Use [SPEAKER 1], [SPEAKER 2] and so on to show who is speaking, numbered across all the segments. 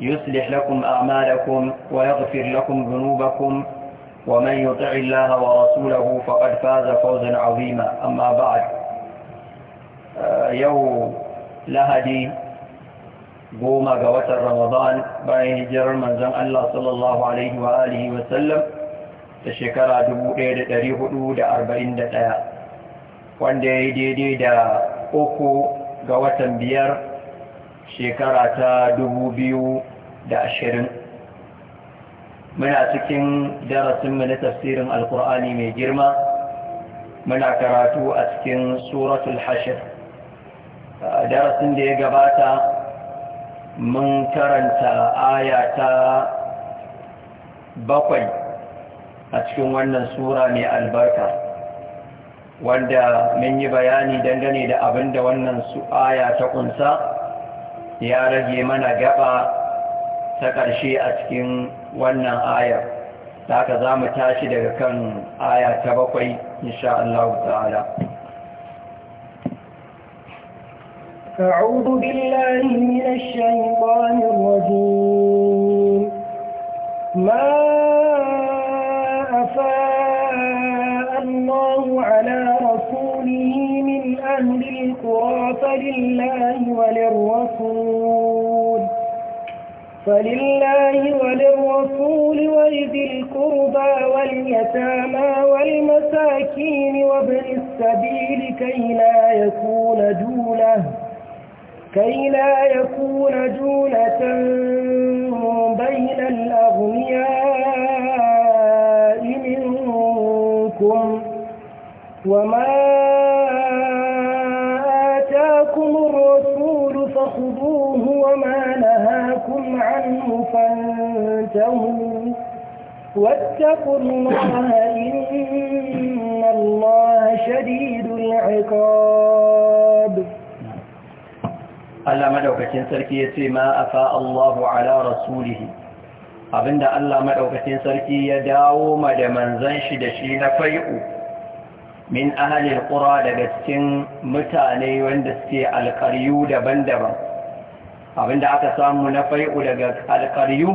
[SPEAKER 1] يصلح لكم أعمالكم ويغفر لكم ذنوبكم ومن يطع الله ورسوله فقد فاز فوزا عظيما أما بعد يو لهدي قوم قوات رمضان بين هجر المنزل الله صلى الله عليه وآله وسلم تشكر دبو إيد تريه دود أربعين دقيقة وان دي دي دي دا أوكو قوات بيار shekara ta dubu biyu da ashirin muna cikin darasinmu na tafsirin alkur'ani mai girma muna karatu a cikin suratul hashir darasin da ya gabata mun karanta aya ta bakwai a cikin wannan sura mai albarka wanda mun yi bayani dangane da abin da wannan su aya ta kunsa ya rage mana gaba ta ƙarshe a cikin wannan ayar ta haka za mu tashi daga kan aya ta bakwai insha Allah ta'ala
[SPEAKER 2] أعوذ بالله من الشيطان الرجيم ما أفاء الله على رسوله من أهل القرى فلله وللرسول فلله وللرسول ولذي القربى واليتامى والمساكين وابن السبيل كي لا يكون دونه كي لا يكون دولة بين الأغنياء منكم وما آتاكم الرسول فخذوه وما عنه فانتهوا واتقوا الله إن الله شديد العقاب
[SPEAKER 1] Allah madaukakin sarki ya ce ma afa Allahu ala rasulihi abinda Allah maɗaukacin sarki ya dawo ma da manzan shi da shi na fai'u min ahli ƙura daga cikin mutane wanda suke alqaryu daban-daban Abin da aka samu na fai'u daga alƙaryu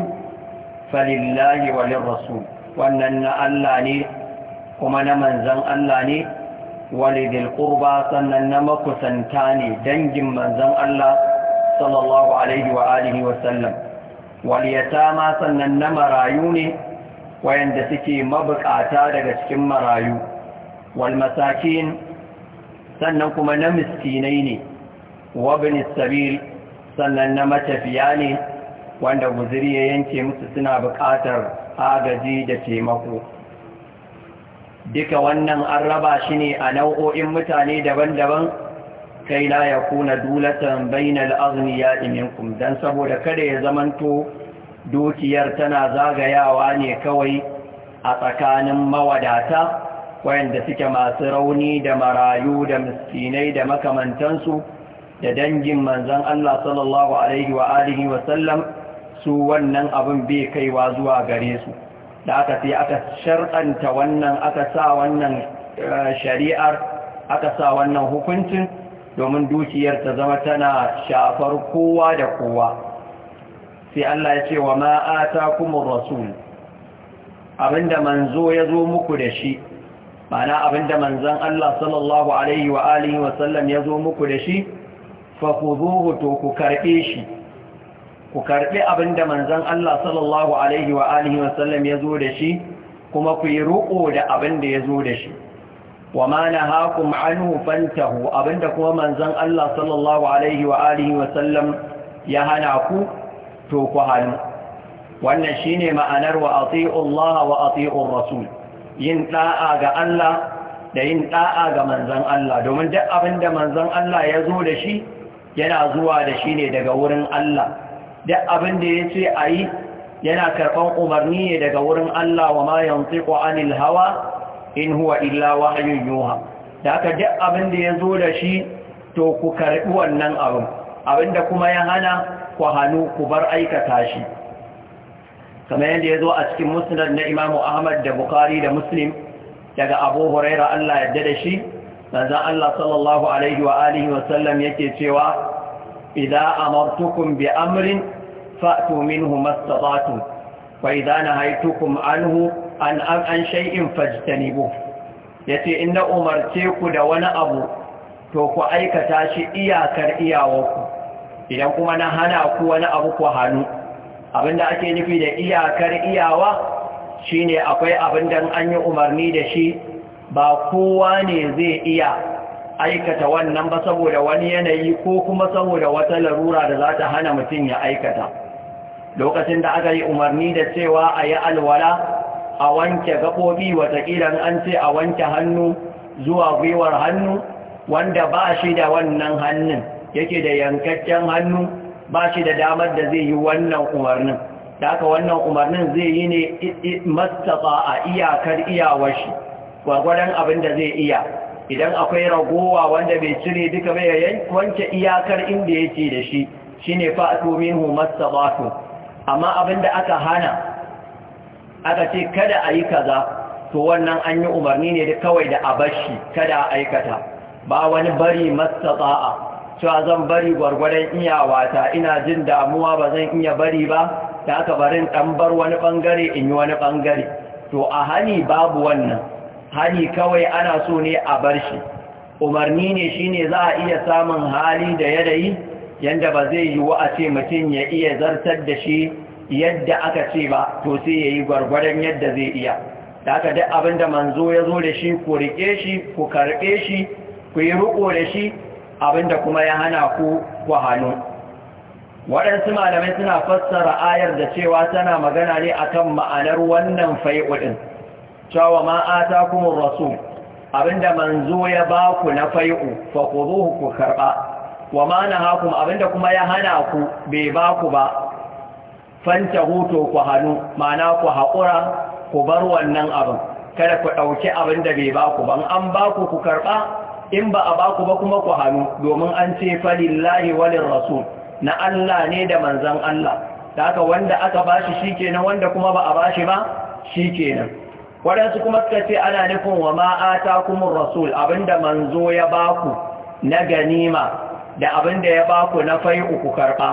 [SPEAKER 1] falillahi walin rasul wannan na Allah ne kuma na manzan Allah ne walidil ƙurba sannan na makusanta ne dangin manzan Allah sallallahu alaihi wa alihi sallam wal sannan na marayu ne wayanda suke mabukata daga cikin marayu wal sannan kuma na miskinai ne wa ibn sannan na matafiya ne wanda guziri ya yanke musu suna buƙatar agaji da taimako duka wannan an raba shi ne a nau'o'in mutane daban-daban kai la ya kuna dulatan bainal aghniya minkum dan saboda kada ya zamanto dukiyar tana zagayawa ne kawai a tsakanin mawadata wayanda suke masu rauni da marayu da miskinai da makamantansu da dangin manzan Allah sallallahu alaihi wa alihi wa sallam su wannan abin bai kaiwa zuwa gare su da aka sai aka sharɗanta wannan aka sa wannan eh, shari'ar aka sa wannan hukuncin domin dukiyar ta zama tana shafar kowa da kowa sai Allah ya ce wa ma'ata kuma rasul abinda manzo ya zo muku da shi mana abinda manzan Allah sallallahu alaihi wa alihi wa sallam ya zo muku da shi fa khuduhu to ku karbe shi ku karbe abinda manzon Allah sallallahu alaihi wa alihi wa sallam yazo da shi kuma ku yi ruko da abinda yazo da shi wa ma nahakum anhu fantahu abinda kuma manzon Allah sallallahu alaihi wa alihi wa sallam ya hana ku to ku hanu wannan shine ma'anar wa ati'u Allah wa ati'u rasul yin da'a ga Allah da yin da'a ga manzon Allah domin duk abinda manzon Allah ya zo da shi yana zuwa da shi ne daga wurin Allah duk abin da ya ce a yi yana karɓan umarni ne daga wurin Allah wa ma yantiqu anil hawa in huwa illa yuha da haka duk abin da ya zo da shi to ku karɓi wannan abin abinda kuma ya hana ku hannu ku bar aikata shi kamar yadda ya zo a cikin musnad na Imam Ahmad da Bukhari da Muslim daga Abu Huraira Allah yadda da shi manzan Allah sallallahu alaihi wa alihi wa yake cewa idza amartukum bi amrin fa'tu minhu mastabatu wa idza nahaytukum anhu an an an shay'in fajtanibuh in na umarce ku da wani abu to ku aikata shi iyakar iyawarku idan kuma na hana ku wani abu ku hannu abinda ake nufi da iyakar iyawa shine akwai abin da an yi umarni da shi ba kowa ne zai iya aikata wannan ba saboda wani yanayi ko kuma saboda wata larura da za ta hana mutum ya aikata lokacin da aka yi umarni da cewa a yi alwala a wanke gaɓoɓi wataƙila an ce a wanke hannu zuwa gwiwar hannu wanda ba shi da wannan hannun yake da yankakken hannu ba shi da damar da zai yi wannan umarnin da aka wannan umarnin zai yi ne mastafa a iyakar iyawar shi. gwagwaran abin da zai iya idan akwai ragowa wanda bai cire duka bai yayin wanke iyakar inda yake da shi shine fa'atu minhu masabatu amma abin da aka hana aka ce kada a yi kaza to wannan an yi umarni ne da kawai da a bashi kada a aikata ba wani bari masabaa cewa zan bari iyawa ta, ina jin damuwa ba zan iya bari ba da aka barin ɗan bar wani ɓangare in yi wani ɓangare to a hani babu wannan Hali kawai ana so ne a bar shi umarni ne shine za a iya samun hali da yi yanda ba zai yi wa a ce mutum ya iya zartar da shi yadda aka ce ba to sai ya yi yadda zai iya da aka duk abin da manzo ya zo da shi ku riƙe shi ku karɓe shi ku yi riƙo da shi abin da kuma ya hana ku ku hannu waɗansu malamai suna fassara ayar da cewa tana magana ne akan ma'anar wannan fai'udin cewa ma ta kuma rasu abinda manzo ya ba ku na fai'u fa khuduhu ku karɓa wa ma haku abinda kuma ya hana ku bai ba ku ba fanta hoto ku hannu. ma'ana ku haƙura ku bar wannan abin kada ku ɗauki abinda bai ba ku ban an ba ku ku karɓa in ba a ba ku ba kuma ku hannu domin an ce falillahi walin rasu. na Allah ne da manzan Allah da aka wanda aka ba shi shi kenan wanda kuma ba a ba shi ba shi kenan waɗansu kuma suka ce ana nufin wa ma'ata kuma rasul abinda manzo ya baku na ganima da abinda ya baku na fai'u ku karɓa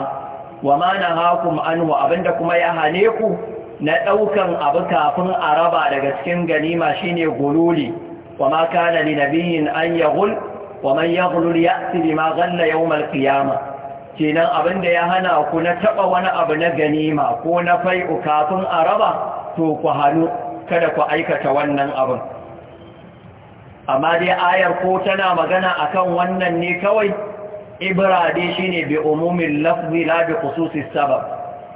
[SPEAKER 1] wa ma na hakum abin abinda kuma ya hane ku na ɗaukan abu kafin a raba daga cikin ganima shine gululi wa ma kana li nabiyyin an gul wa man yaghlul ya bima ma yawm al kiyama. kenan abin da ya hana ku na taɓa wani abu na ganima ko na fai'u kafin a raba to ku hannu kada ku aikata wannan abin amma dai ayar ko tana magana akan wannan ne kawai ibrade shine bi umumin lafzi la bi khususis sabab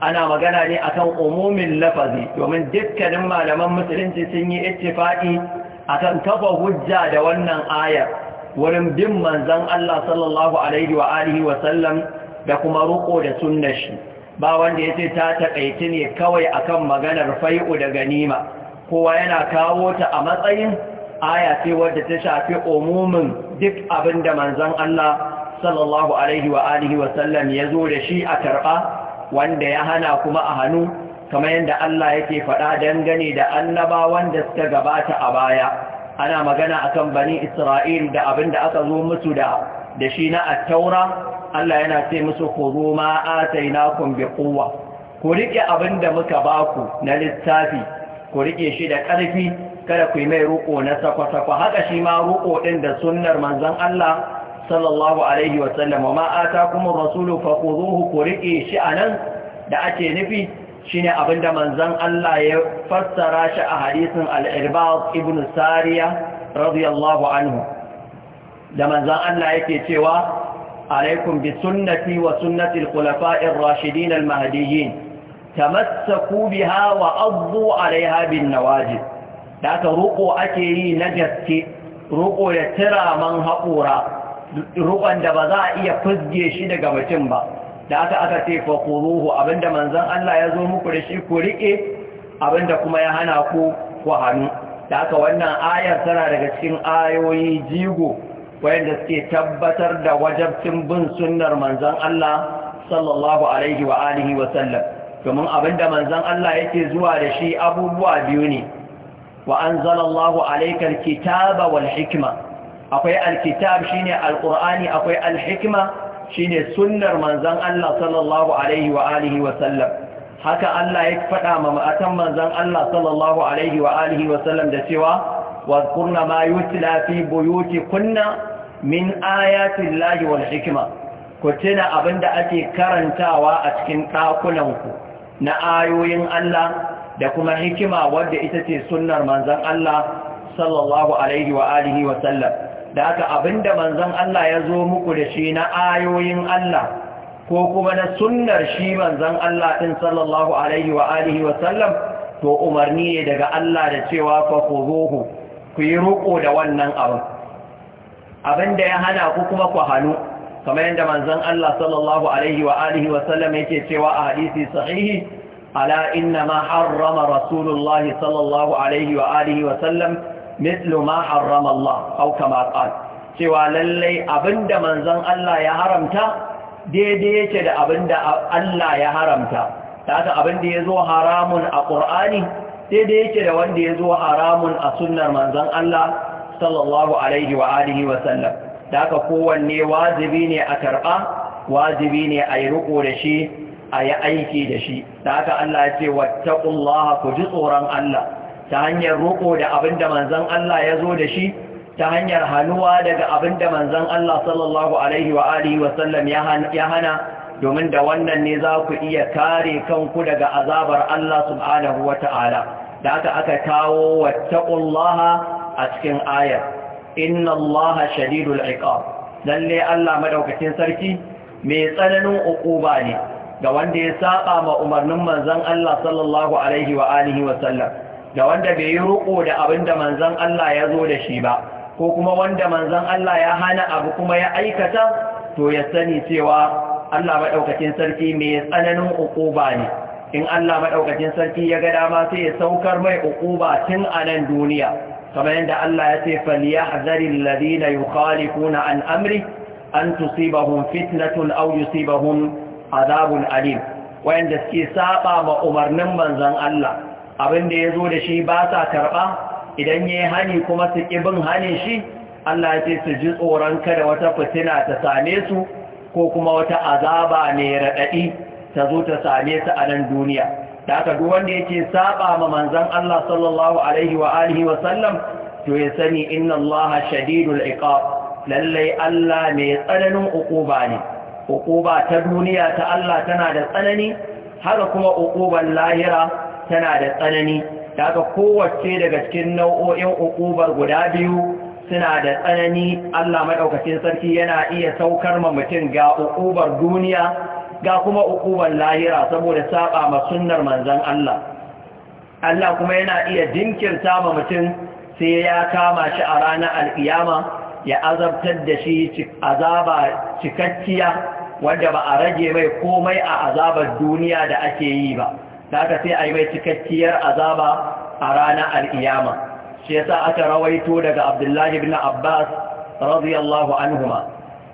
[SPEAKER 1] ana magana ne akan umumin lafazi domin dukkanin malaman musulunci sun yi ittifaqi akan kafa hujja da wannan ayar wurin bin manzon Allah sallallahu alaihi wa alihi wa sallam da kuma ruko da sunnar shi ba wanda yace ta takaici ne kawai akan maganar fai'u da ganima kowa yana kawo ta a matsayin aya ce wadda ta shafi umumin duk abin da manzon Allah sallallahu alaihi wa alihi wa sallam ya zo da shi a karba wanda ya hana kuma a hannu kamar yadda Allah yake faɗa dangane da annabawan da suka gabata a baya ana magana akan bani Isra'il da abin da aka zo musu da da shi na attaura Allah yana ce musu khudu ma atainakum biquwwa ku rike da muka baku na littafi ku rike shi da ƙarfi kada ku yi mai roƙo na sakwa-sakwa haka shi ma roƙo ɗin da sunnar manzon Allah sallallahu alaihi wasallam ma'ata kuma rasulu faƙuruhu ku riƙe shi a nan da ake nufi shi ne abinda manzan Allah ya fassara shi a hadisin al'irbaz ibn sariya radiyallahu anhu da manzan Allah yake cewa alaikum bi sunnati wa sunnati al-khulafa'ir rashidin al-mahdiyyin tamassaku biha wa azzu alaiha bin nawajib da aka roƙo ake yi na gaske roƙo ya tira man haƙura roƙon da ba za a iya fizge shi daga mutum ba da aka aka ce faƙuruhu abinda manzan Allah ya zo muku da shi ku riƙe abinda kuma ya hana ku ku hannu da aka wannan ayar tana daga cikin ayoyi jigo wayanda suke tabbatar da wajabcin bin sunnar manzan Allah sallallahu alaihi wa alihi wa sallam domin abinda manzan Allah yake zuwa da shi abubuwa biyu ne wa anzalallahu alaykal kitaba wal akwai alkitab ne Alƙur'ani, akwai shi shine sunnar manzan Allah sallallahu alaihi wa alihi sallam haka Allah ya faɗa ma matan manzan Allah sallallahu alaihi wa alihi wa sallam da cewa واذكرن Kunna, Min في بيوتكن من Ku tuna abin da ake karantawa a cikin ɗakunanku. na ayoyin Allah da kuma hikima wadda ita ce sunnar manzan Allah sallallahu alaihi wa alihi wa sallam da haka abinda manzan Allah ya zo muku da shi na ayoyin Allah ko kuma na sunnar shi manzan Allah ɗin sallallahu alaihi wa alihi wa sallam to umarni ne daga Allah da cewa fa khuzuhu ku yi roko da wannan abin abinda ya hana ku kuma ku hannu. kamar yadda manzon Allah sallallahu alaihi wa alihi wa sallam yake cewa a hadisi sahihi ala inna ma harrama rasulullahi sallallahu alaihi wa alihi wa sallam mithlu ma harrama Allah aw kama qala cewa lallai abinda manzon Allah ya haramta daidai yake da abinda Allah ya haramta ta abinda yazo haramun a Qur'ani daidai yake da wanda yazo haramun a sunnar manzon Allah sallallahu alaihi wa alihi wa sallam da haka kowanne wajibi ne a karɓa wajibi ne a yi riko da shi a yi aiki da shi da haka Allah ya ce wattaqullaha ku ji tsoron Allah ta hanyar riƙo da abin da manzon Allah ya zo da shi ta hanyar hannuwa daga abin da manzon Allah sallallahu alaihi wa alihi wa sallam ya hana domin da wannan ne za ku iya kare kanku daga azabar Allah subhanahu wa ta'ala da haka aka kawo wattaqullaha a cikin ayar inna allaha shadidul iqab lalle Allah madaukakin sarki mai tsananin uquba ne ga wanda ya saba ma umarnin manzon Allah sallallahu alaihi wa alihi wa sallam ga wanda bai yi ruko da abinda manzon Allah ya zo da shi ba ko kuma wanda manzon Allah ya hana abu kuma ya aikata to ya sani cewa Allah madaukakin sarki mai tsananin uquba ne in Allah madaukakin sarki ya ga dama sai ya saukar mai uquba tun a nan duniya kamar yadda Allah ya ce falyahzari alladhina na an amri an tusibahum fitnatun aw yusibahum azabun alim wayanda suke saba ma umarnin manzon Allah abinda zo da shi ba sa karba idan yayi hani kuma su bin hani shi Allah ya ce su ji tsoron kada wata fitina ta same su ko kuma wata azaba ne raɗaɗi ta zo ta same su a nan duniya da aka duk wanda yake saba ma manzon Allah sallallahu alaihi wa alihi wa sallam to ya sani inna Allah shadidul iqab lallai Allah mai tsananin uƙuba ne Uƙuba ta duniya ta Allah tana da tsanani haka kuma uƙubar lahira tana da tsanani da kowace daga cikin nau'o'in uƙubar guda biyu suna da tsanani Allah maɗaukacin sarki yana iya saukar ma mutum ga uƙubar duniya ga kuma ukuban lahira saboda saba ma sunnar manzon Allah Allah kuma yana iya dinkirta ma mutum sai ya kama shi a ranar alkiyama ya azabtar da shi azaba cikakkiya wanda ba a rage mai komai a azabar duniya da ake yi ba haka sai a mai cikakkiyar azaba a ranar alkiyama shi yasa aka rawaito daga abdullahi bin abbas radiyallahu anhuma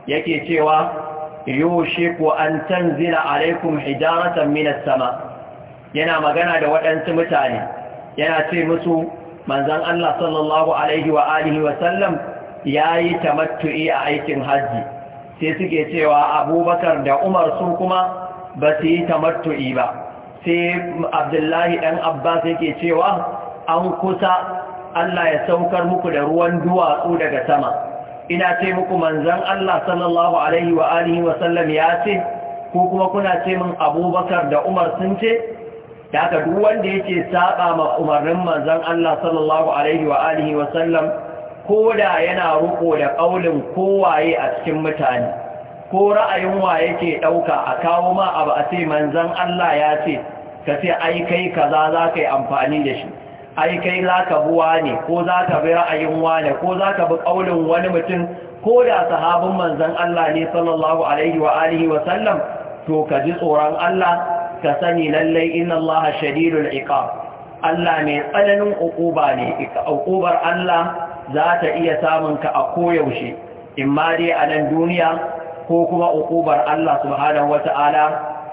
[SPEAKER 1] yake cewa yushik wa an tanzila alaikum hijaratan minas sama yana magana da waɗansu mutane yana ce musu manzan Allah sallallahu alaihi wa alihi wa sallam yayi tamattu'i a aikin haji sai suke cewa Abubakar da Umar su kuma ba su yi tamattu'i ba sai Abdullahi dan Abbas yake cewa an kusa Allah ya saukar muku da ruwan duwatsu daga sama ina ce muku manzan Allah sallallahu alaihi wa alihi wa ya ce ko kuma kuna ce min abubakar da umar sun ce da aka duk wanda yake saba ma umarnin manzan Allah sallallahu alaihi wa alihi wa ko da yana ruko da kaulin kowaye a cikin mutane ko ra'ayin wa yake ɗauka a kawo ma abu a ce manzan Allah ya ce ka ce ai kai kaza za ka yi amfani da shi ai kai za ka buwa ne ko za ka bi ra'ayin wane ko za ka bi ƙaunin wani mutum ko da sahabin manzan Allah ne sallallahu alaihi wa alihi wa sallam to ka ji tsoron Allah ka sani lallai inna Allah shadidul iqab Allah mai tsananin uquba ne uqubar Allah za ta iya samun ka a koyaushe imma dai a nan duniya ko kuma uqubar Allah subhanahu wata'ala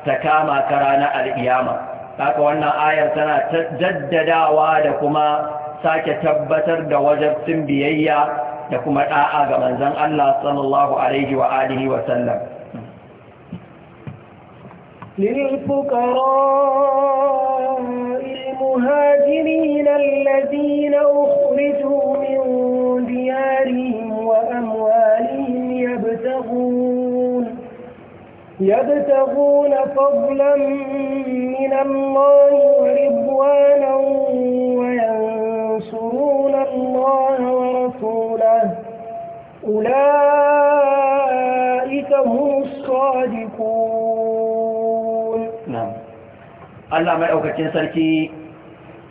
[SPEAKER 1] ta kama ka ranar al'iyama haka wannan ayar tana jaddadawa da kuma sake tabbatar da wajabcin biyayya da kuma da'a ga manzon Allah sallallahu alaihi wa alihi wa sallam
[SPEAKER 2] للفقراء المهاجرين الذين أخرجوا من ديارهم وأموالهم يبتغون يبتغون فضلا من الله ورضوانا وينصرون الله ورسوله أولئك هم الصادقون
[SPEAKER 1] نعم الله ما أوكتين سركي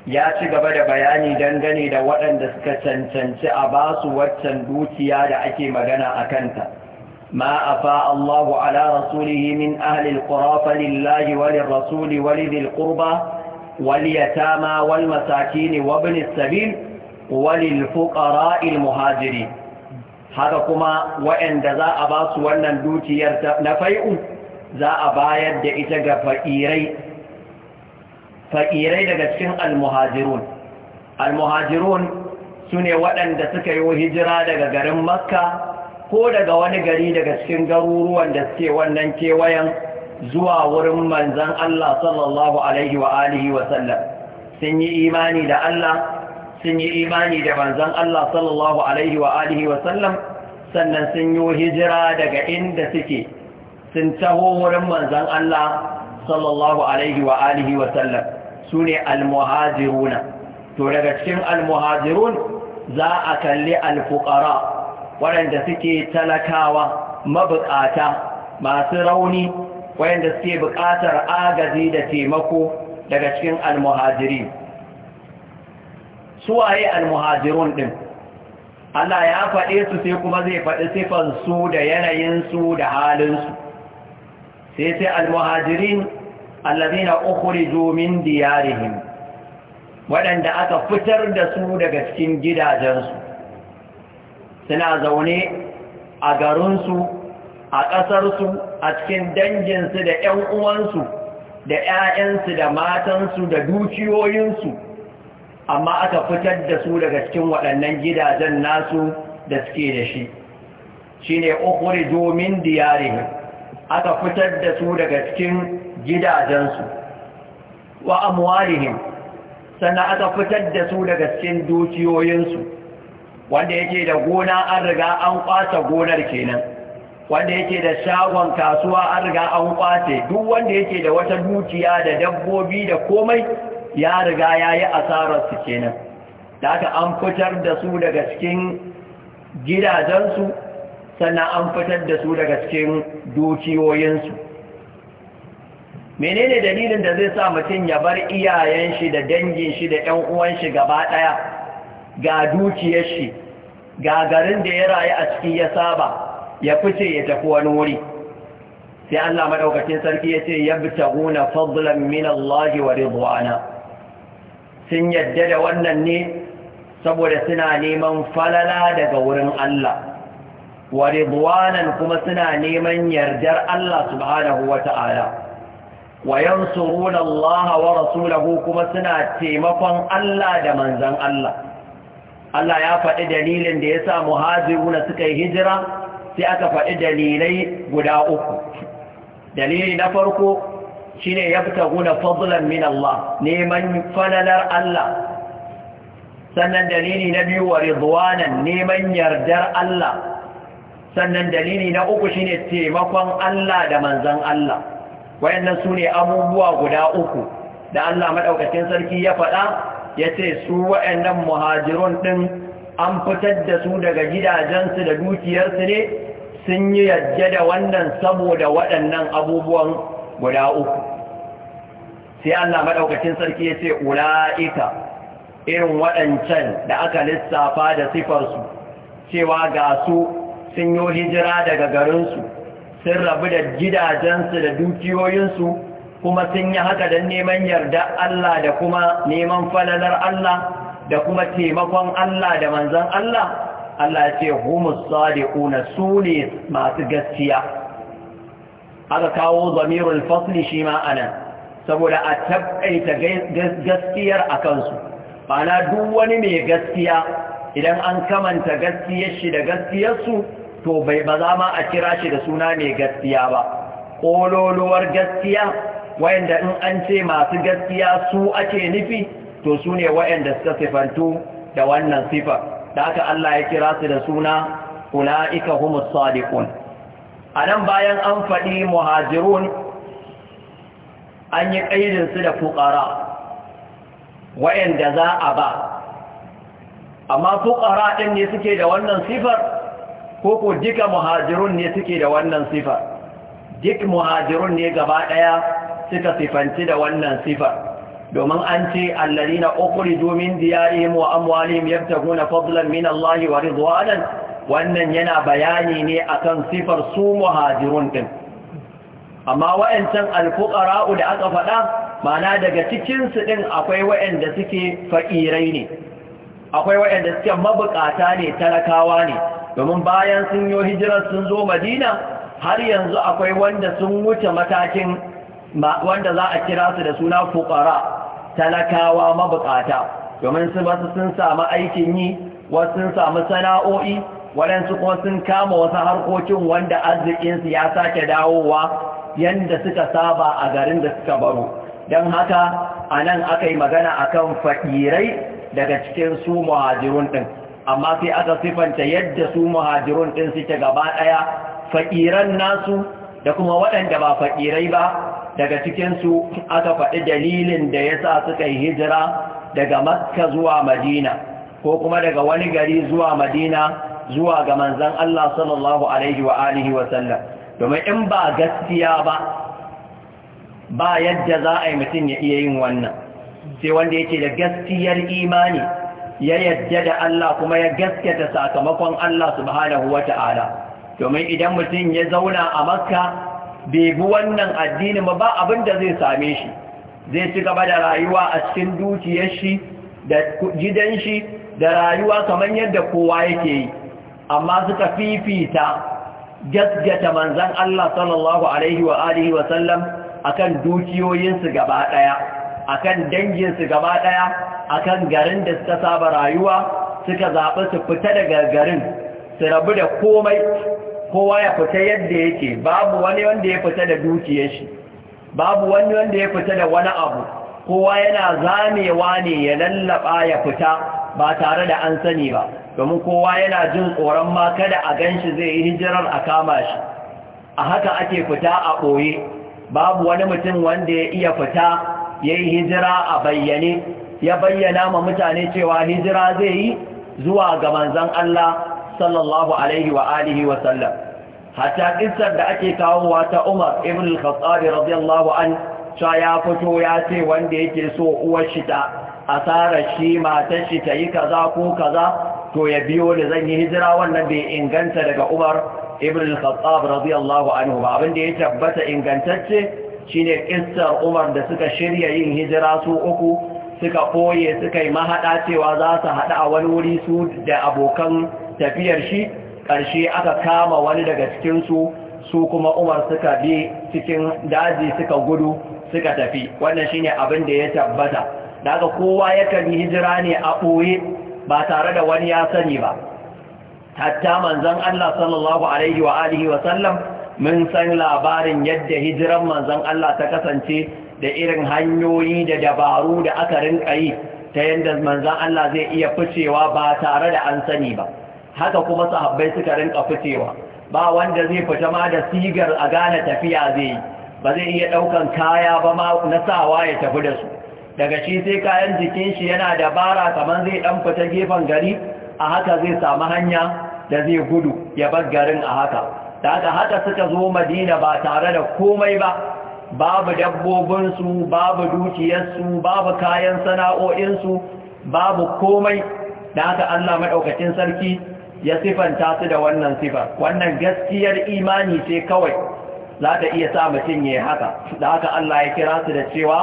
[SPEAKER 1] ya ci gaba da bayani dangane da waɗanda suka cancanci a basu waccan dukiya da ake magana a kanta. ما أفاء الله على رسوله من أهل القرى فلله وللرسول ولذي القربى واليتامى والمساكين وابن السبيل وللفقراء المهاجرين haka kuma waɗanda za a ba su wannan dukiyar na fai'u za a bayar da ita ga fa'irai daga cikin almuhajirun almuhajirun su waɗanda suka yi hijira daga garin makka ko daga wani gari daga cikin garuruwan da suke wannan kewayen zuwa wurin manzan Allah sallallahu alaihi wa alihi wa sun yi imani da Allah sun yi imani da manzan Allah sallallahu alaihi wa alihi wa sannan sun yi hijira daga inda suke sun taho wurin manzan Allah sallallahu alaihi wa alihi wa su ne almuhajiruna to daga cikin almuhajirun za a kalli alfuqara waɗanda suke talakawa mabuƙata masu rauni waɗanda suke buƙatar agaji da taimako daga cikin almuhajiri suwaye almuhajirun ɗin Allah ya faɗe su sai kuma zai faɗi su da yanayinsu da halinsu sai sai almuhajirin allazina ukuri min diyarihim waɗanda aka fitar da su daga cikin gidajensu suna zaune a garinsu a ƙasarsu a cikin danginsu da ‘yan uwansu da ‘ya'yansu da matansu da dukiyoyinsu amma aka fitar da su daga cikin waɗannan gidajen nasu da suke da shi shi ne ukuri domin diyarihim aka fitar da su daga cikin gidajensu wa amwalihim sannan aka fitar da su daga cikin dukiyoyinsu wanda yake da gona an riga an kwasa gonar kenan wanda yake da shagon kasuwa an riga an kwace duk wanda yake da wata dukiya da dabbobi da komai ya riga ya yi asararsu kenan da aka an fitar da su daga cikin gidajensu sannan an fitar da su daga cikin dukiyoyinsu menene dalilin da zai sa mutum ya bar iyayen shi da dangin shi da 'yan uwan shi gaba ɗaya ga dukiyar shi ga garin da ya rayu a ciki ya saba ya fice ya tafi wani wuri sai Allah madaukakin sarki ya ce yabtaguna fadlan min Allah wa ridwana sun yadda da wannan ne saboda suna neman falala daga wurin Allah wa ridwanan kuma suna neman yardar Allah subhanahu wata'ala wa yansuruna Allah wa rasulahu kuma suna taimakon Allah da manzon Allah Allah ya faɗi dalilin da ya sa muhajiruna suka yi hijira sai aka faɗi dalilai guda uku dalili na farko shine yabtaguna fadlan min Allah neman falalar Allah sannan dalili na biyu wa Rizwanan neman yardar Allah sannan dalili na uku shine taimakon Allah da manzon Allah wayannan sune abubuwa guda uku da Allah maɗaukacin sarki ya faɗa ya ce su waɗannan muhajirun ɗin an fitar da su daga gidajensu da dukiyarsu ne sun yi yadda da wannan saboda waɗannan abubuwan guda uku sai Allah maɗaukacin sarki ya ce ula'ika irin waɗancan da aka lissafa da sifarsu cewa ga su sun yi hijira daga garinsu sun rabu da gidajensu da dukiyoyinsu kuma sun yi haka don neman yarda Allah da kuma neman falalar Allah da kuma taimakon Allah da manzan Allah Allah ce humus sadiquna su ne masu gaskiya aka kawo zamirul fasli shi ma anan saboda a tabbaita gaskiyar a kansu bana duk wani mai gaskiya idan an kamanta gaskiyar shi da gaskiyarsu to bai ba za ma a kira shi da suna mai gaskiya ba ƙololuwar gaskiya wayanda in an ce masu gaskiya su ake nufi to su ne wayanda suka sifantu da wannan sifa da aka Allah ya kira su da suna ulaika humus sadiqun anan bayan an faɗi muhajirun an yi kaidin su da fuqara wayanda za a ba amma fuqara din ne suke da wannan sifar ko ko duka muhajirun ne suke da wannan sifar duk muhajirun ne gaba ɗaya? suka sifanci da wannan sifar domin an ce na ukhriju domin diyarihim wa amwalihim yabtaguna fadlan min Allah wa rizwanan wannan yana bayani ne akan sifar su muhajirun din amma wa'ancan alfukara'u da aka faɗa mana daga cikinsu ɗin akwai wa'anda suke fakirai ne akwai wa'anda suke mabukata ne talakawa ne domin bayan sun yi hijirar sun zo Madina har yanzu akwai wanda sun wuce matakin wanda za a kira su da suna fukara talakawa mabukata domin su wasu sun samu aikin yi wasu sun samu sana'o'i waɗansu kuma sun kama wasu harkokin wanda arzikinsu ya sake dawowa yadda suka saba a garin da suka baro don haka a nan aka yi magana akan fakirai daga cikin su muhajirun ɗin amma sai aka siffanta yadda su muhajirun ɗin suke gaba ɗaya faɗiran nasu da kuma waɗanda ba faɗirai ba daga cikinsu aka faɗi dalilin da ya sa suka yi hijira daga makka zuwa madina ko kuma daga wani gari zuwa madina zuwa ga manzan Allah sallallahu Alaihi wa alihi domin in ba gaskiya ba ba yadda za a yi mutum ya iya yin wannan sai wanda yake da gaskiyar imani ya yadda da Allah kuma ya gaskata sakamakon Allah subhanahu wa ta'ala domin idan mutum ya zauna a makka bai bi wannan addini ma ba abin da zai same shi zai ci gaba da rayuwa a cikin dukiyar shi da gidan shi da rayuwa kamar yadda kowa yake yi amma suka fifita gaskata manzan Allah sallallahu alaihi wa alihi wa sallam akan dukiyoyinsu gaba daya akan danginsu gaba daya akan garin da suka saba rayuwa suka zaɓi su fita daga garin su rabu da komai kowa ya fita yadda yake babu wani wanda ya fita da dukiyar shi babu wani wanda ya fita da wani abu kowa yana zamewa ne ya lallaba ya fita ba tare da an sani ba domin kowa yana jin tsoron ma kada a ganshi zai yi hijirar a kama shi a haka ake fita a ɓoye babu wani mutum wanda ya iya fita ya yi hijira a bayyane ya bayyana ma mutane cewa hijira zai yi zuwa ga manzan Allah sallallahu alaihi wa alihi wa sallam hatta da ake kawowa ta Umar ibn al-Khattab radiyallahu an cha ya fito ya ce wanda yake so uwar shi ta asara shi matar shi ta yi kaza ko kaza to ya biyo da zan yi hijira wannan bai inganta daga Umar ibn al-Khattab radiyallahu anhu ba abin da ya tabbata ingantacce shine kissar Umar da suka shirya yin hijira su uku suka koye suka yi mahaɗa cewa za su haɗu a wani wuri su da abokan tafiyar shi ƙarshe aka kama wani daga cikinsu su kuma umar suka bi cikin daji suka gudu suka tafi wannan shine abin da ya tabbata daga kowa yakan yi hijira ne a ɓoye ba tare da wani ya sani ba hatta manzon Allah sallallahu alaihi wa alihi wa sallam mun san labarin yadda hijiran manzon Allah ta kasance da irin hanyoyi da dabaru da aka rinƙa yi ta yadda manzon Allah zai iya ficewa ba tare da an sani ba haka kuma sahabbai suka rinka fitewa ba wanda zai fita ma da sigar a gane tafiya zai yi ba zai iya ɗaukan kaya ba ma na sawa ya tafi da su daga shi sai kayan jikin shi yana dabara kamar zai ɗan fita gefen gari a haka zai samu hanya da zai gudu ya bar garin a haka da haka haka suka zo madina ba tare da komai ba babu dabbobinsu babu dukiyarsu babu kayan sana'o'insu babu komai da haka allah maɗaukacin sarki ya sifanta su da wannan sifa wannan gaskiyar imani ce kawai za ta iya sa mutum ya yi haka da haka Allah ya kira su da cewa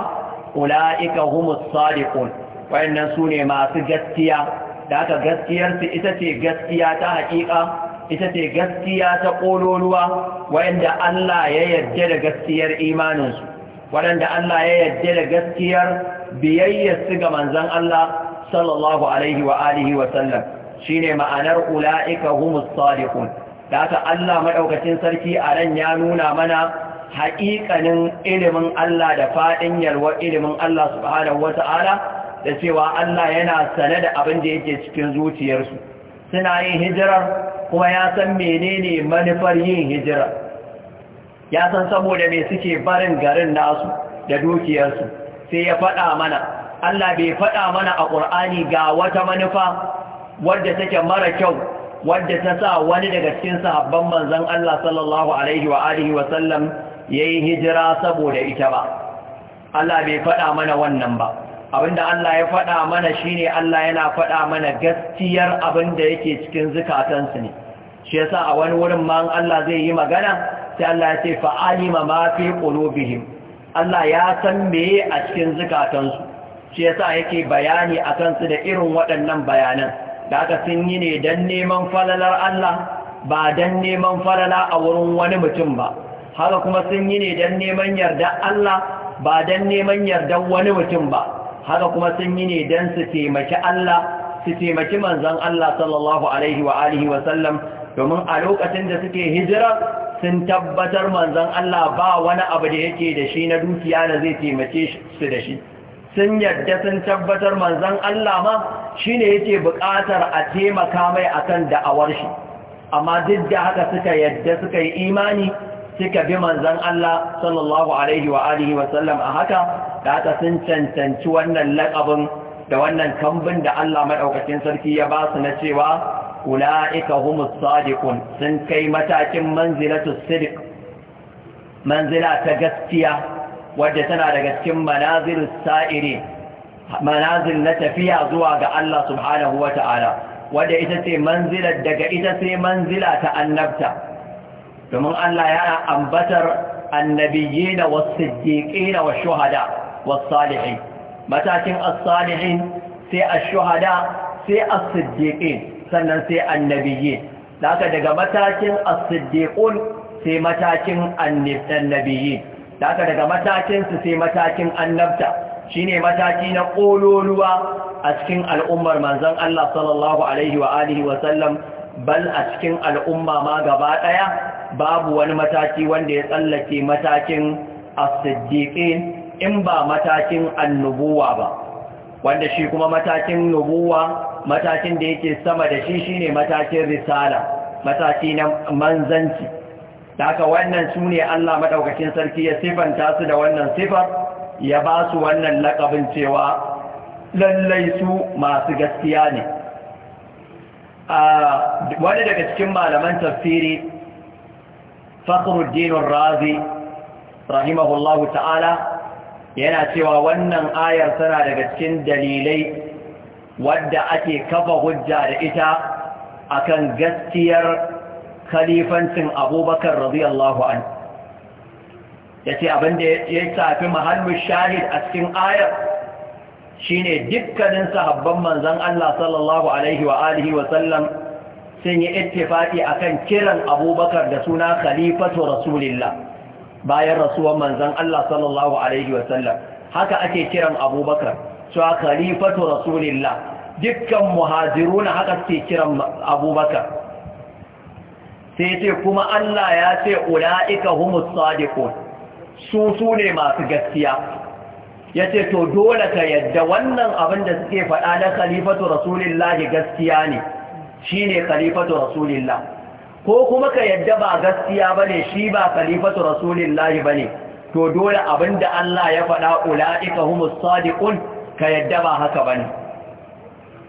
[SPEAKER 1] ula'ika humus sadiqun wayannan su ne masu gaskiya da haka gaskiyarsu ita ce gaskiya ta haƙiƙa ita ce gaskiya ta ƙololuwa wayanda Allah ya yarda da gaskiyar imaninsu waɗanda Allah ya yarda da gaskiyar su ga manzon Allah sallallahu alaihi wa alihi wa sallam shine ma'anar ula'ika humus salihun da ta Allah maɗaukacin sarki a ran ya nuna mana haƙiƙanin ilimin Allah da faɗin yalwa ilimin Allah subhanahu wata'ala da cewa Allah yana sane da abin da yake cikin zuciyarsu suna yin hijirar kuma ya san menene manufar yin hijirar ya san saboda me suke barin garin nasu da dukiyarsu sai ya faɗa mana Allah bai faɗa mana a ƙur'ani ga wata manufa wadda take mara kyau wadda ta sa wani daga cikin sahabban manzon Allah sallallahu alaihi wa alihi wa sallam yayi hijira saboda ita ba Allah bai faɗa mana wannan ba abinda Allah ya faɗa mana shine Allah yana faɗa mana gaskiyar abinda yake cikin zukatansu ne shi yasa a wani wurin ma Allah zai yi magana sai Allah ya ce alima ma fi qulubihim Allah ya san meye a cikin zukatansu shi yasa yake bayani akan su da irin waɗannan bayanan kaga sun yi ne don neman falalar Allah ba don neman falala a wurin wani mutum ba haka kuma sun yi ne don neman yarda Allah ba don neman yarda wani mutum ba haka kuma sun yi ne don su taimaki Allah su taimaki manzan Allah sallallahu alaihi wa alihi wa sallam domin a lokacin da suke hijira sun tabbatar manzan Allah ba wani abu da yake da shi na dukiya da zai taimake su da shi sun yadda sun tabbatar manzan Allah ma shi ne yake buƙatar a taimaka mai akan da'awar shi amma duk da haka suka yadda suka yi imani suka bi manzan Allah sallallahu alaihi wa alihi a haka da haka sun cancanci wannan laƙabin da wannan kambin da Allah maɗaukacin sarki ya ba su na cewa ulaika humus sadiqun sun kai matakin manzilatus sidq manzila ta gaskiya wadda tana daga cikin manazir sa'iri manazir na tafiya zuwa ga Allah subhanahu wa ta'ala wadda ita ce manzilar daga ita ce manzila ta annabta domin Allah yana ambatar annabiyyi da wasu da wasu wasalihin matakin as-salihin sai ash-shuhada sai as-siddiqin sannan sai annabiyyi daga daga matakin as-siddiqun sai matakin annabiyyi haka daga matakinsu sai matakin annabta shine mataki na ƙololuwa a cikin al'ummar manzon Allah sallallahu alaihi wa alihi bal a cikin al'umma ma gaba ɗaya babu wani mataki wanda ya tsallake matakin as in ba matakin annubuwa ba wanda shi kuma matakin nubuwa matakin da yake sama da shi shine matakin risala mataki na manzanci haka wannan su ne Allah maɗaukacin sarki ya sifanta su da wannan sifar ya ba su wannan laƙabin cewa lallai su masu gaskiya ne wani daga cikin malaman tafsiri fakhruddinur razi rahimahullahu ta'ala yana cewa wannan ayar tana daga cikin dalilai wadda ake kafa hujja da ita akan gaskiyar khalifancin abubakar radiyallahu an ya ce abinda ya tafi mahallin shahid a cikin ayar shi ne dukkanin sahabban manzan Allah sallallahu Alaihi wa alihi wasallam sun yi ittifaki a kan kiran abubakar da suna khalifatu rasulillah bayan rasuwan manzan Allah sallallahu Alaihi wa sallam- haka ake kiran abubakar cewa khalifatu rasulillah dukkan muhajiruna haka suke kiran abubakar sai ce kuma Allah ya ce ula'ika humus sadiqun su su ne masu gaskiya ya ce to dole ka yadda wannan abin da suke faɗa na khalifatu rasulillah gaskiya ne shi ne khalifatu rasulillah ko kuma ka yadda ba gaskiya ba ne shi ba khalifatu rasulillah ba ne to dole abin da Allah ya faɗa ula'ika humus sadiqun ka yadda ba haka ba ne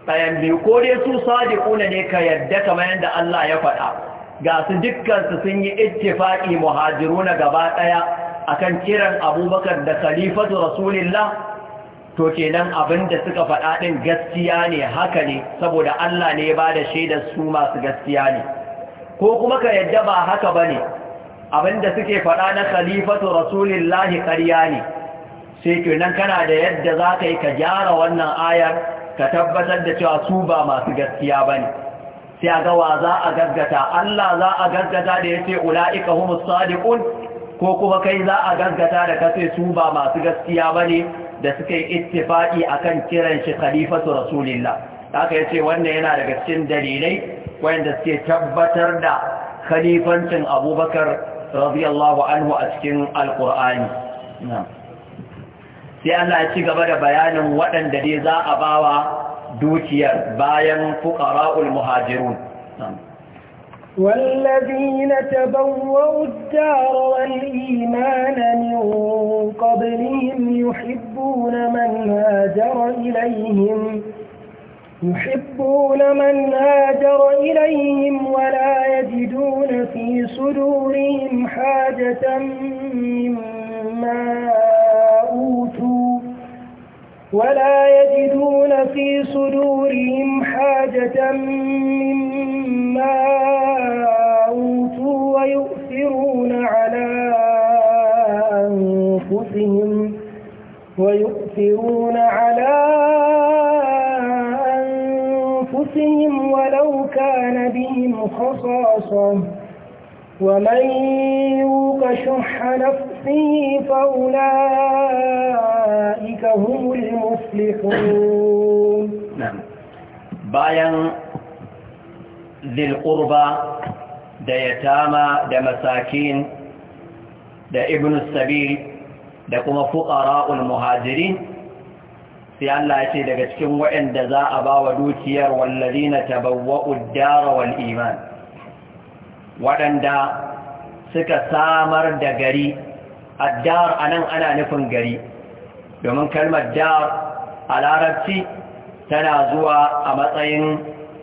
[SPEAKER 1] ɗayan biyu ko dai su sadiquna ne ka yadda kamar yadda Allah ya faɗa ga su dukkansu sun yi muhajiru na gaba daya akan kiran abubakar da khalifatu rasulillah to kenan abin da suka faɗa ɗin gaskiya ne haka ne saboda Allah ne ba da shaidar su masu gaskiya ne ko kuma ka yadda ba haka ba ne abin suke faɗa na khalifatu Rasulillah ƙarya ne sai nan kana da yadda za ka yi ka gyara wannan ayar ka tabbatar da cewa su ba masu gaskiya ba ne sai a gawa za a gaggata Allah za a gaggata da ya ce ula'ika humus sadiqun ko kuma kai za a gaggata da kasai, su ba masu gaskiya ba ne da suka yi a kan kiran shi khalifatu rasulillah haka yace wannan yana daga cikin dalilai wanda suke tabbatar da khalifancin Abubakar radiyallahu anhu a cikin Alƙur'ani. sai Allah ya ci gaba da bayanin waɗanda dai za a bawa dukiyar bayan فقراء المهاجرون نعم.
[SPEAKER 2] والذين تبوأوا الدار والإيمان من قبلهم يحبون من هاجر إليهم يحبون من هاجر إليهم ولا يجدون في صدورهم حاجة مما ولا يجدون في صدورهم حاجة مما أوتوا ويؤثرون على أنفسهم ويؤثرون على أنفسهم ولو كان بهم خصاصة ومن يوق شح نفسه فأولئك هم المفلحون
[SPEAKER 1] نعم بايان ذي القربى دا يتامى دا مساكين دا ابن السبيل دا كما فقراء المهاجرين في أن لا يتي دا وإن دا زاء باوا والذين تبوأوا الدار والإيمان waɗanda suka samar da gari a dar a nan ana nufin gari domin kalmar dar a larabci tana zuwa a matsayin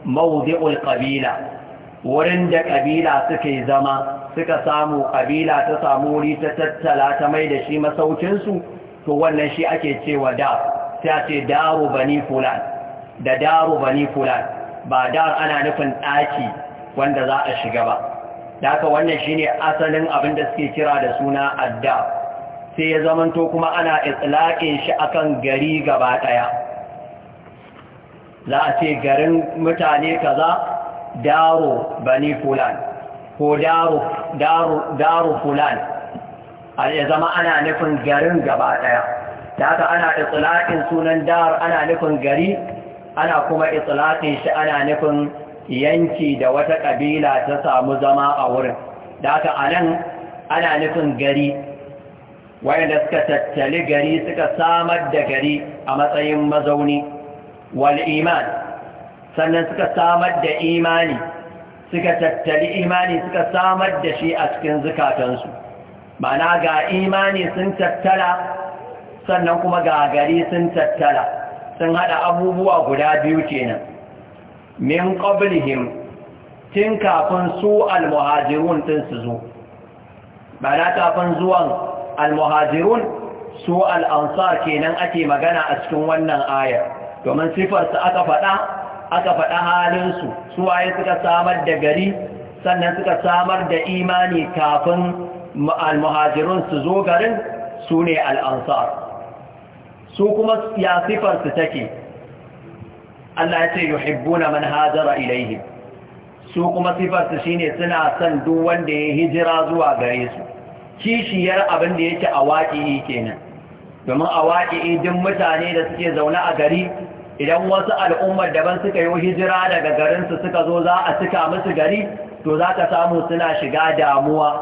[SPEAKER 1] mawuzi'ul ƙabila wurin da ƙabila suke zama suka samu ƙabila ta samu wuri ta tattala ta mai da shi masaukinsu to wannan shi ake cewa dar ta ce daru bani fulan da daru bani fulan ba dar ana nufin ɗaki wanda za a shiga ba da haka wannan shi ne asalin abin da suke kira da suna adda sai ya zamanto kuma ana itsilaƙin shi akan gari gaba ɗaya, za a ce garin mutane kaza daro bani fulan ko daro daro daro fulan ya zama ana nufin garin gaba ɗaya, da haka ana itsilaƙin sunan dar ana nufin gari ana kuma itsilaƙin shi ana nufin yanki da wata ƙabila ta samu zama a wurin da aka anan ana nufin gari wayanda suka tattali gari suka samar da gari a matsayin mazauni wal iman sannan suka samar da imani suka tattali imani suka samar da shi a cikin zukatansu mana ga imani sun tattala sannan kuma ga gari sun tattala sun hada abubuwa guda biyu kenan min qablihim tin kafin su al-muhajirun din su zo ba na kafin zuwan al-muhajirun su al'ansar kenan ake magana a cikin wannan aya domin sifarsu aka faɗa aka faɗa halinsu su waye suka samar da gari sannan suka samar da imani kafin muhajirun su zo garin su ne al'ansar su kuma ya sifarsu take Allah ya ce yuhibbuna man hajara ilaihim su kuma su shine suna son duk wanda ya hijira zuwa gare su kishiyar abin da yake a waƙi'i kenan domin a waƙi'i duk mutane da suke zaune a gari idan wasu al'ummar daban suka yi hijira daga garinsu suka zo za a tuka musu gari to za ka samu suna shiga damuwa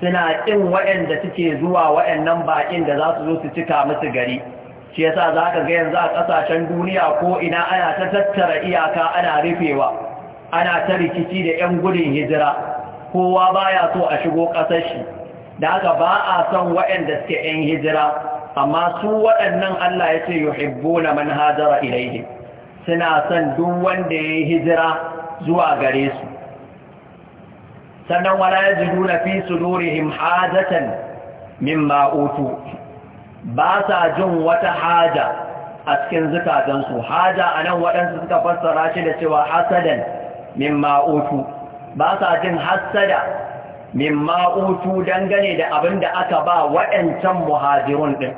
[SPEAKER 1] suna ƙin waɗanda suke zuwa waɗannan baƙin da za su zo su cika musu gari shi yasa za ka ga yanzu a ƙasashen duniya ko ina ana ta tattara iyaka ana rufewa ana ta rikici da 'yan gudun hijira kowa baya so a shigo ƙasar shi da haka ba a son waɗanda suke 'yan hijira amma su waɗannan Allah ya ce yuhibbu na manhajara ilaihi suna son duk wanda ya yi hijira zuwa gare su sannan wala ji na fi sudurihim hajatan mimma utu ba sa jin wata haja a cikin zukatansu haja a nan waɗansu suka fassara shi da cewa hasadan min ma'utu ba sa jin hasada min ma'utu dangane da abin da aka ba waɗancan muhajirun ɗin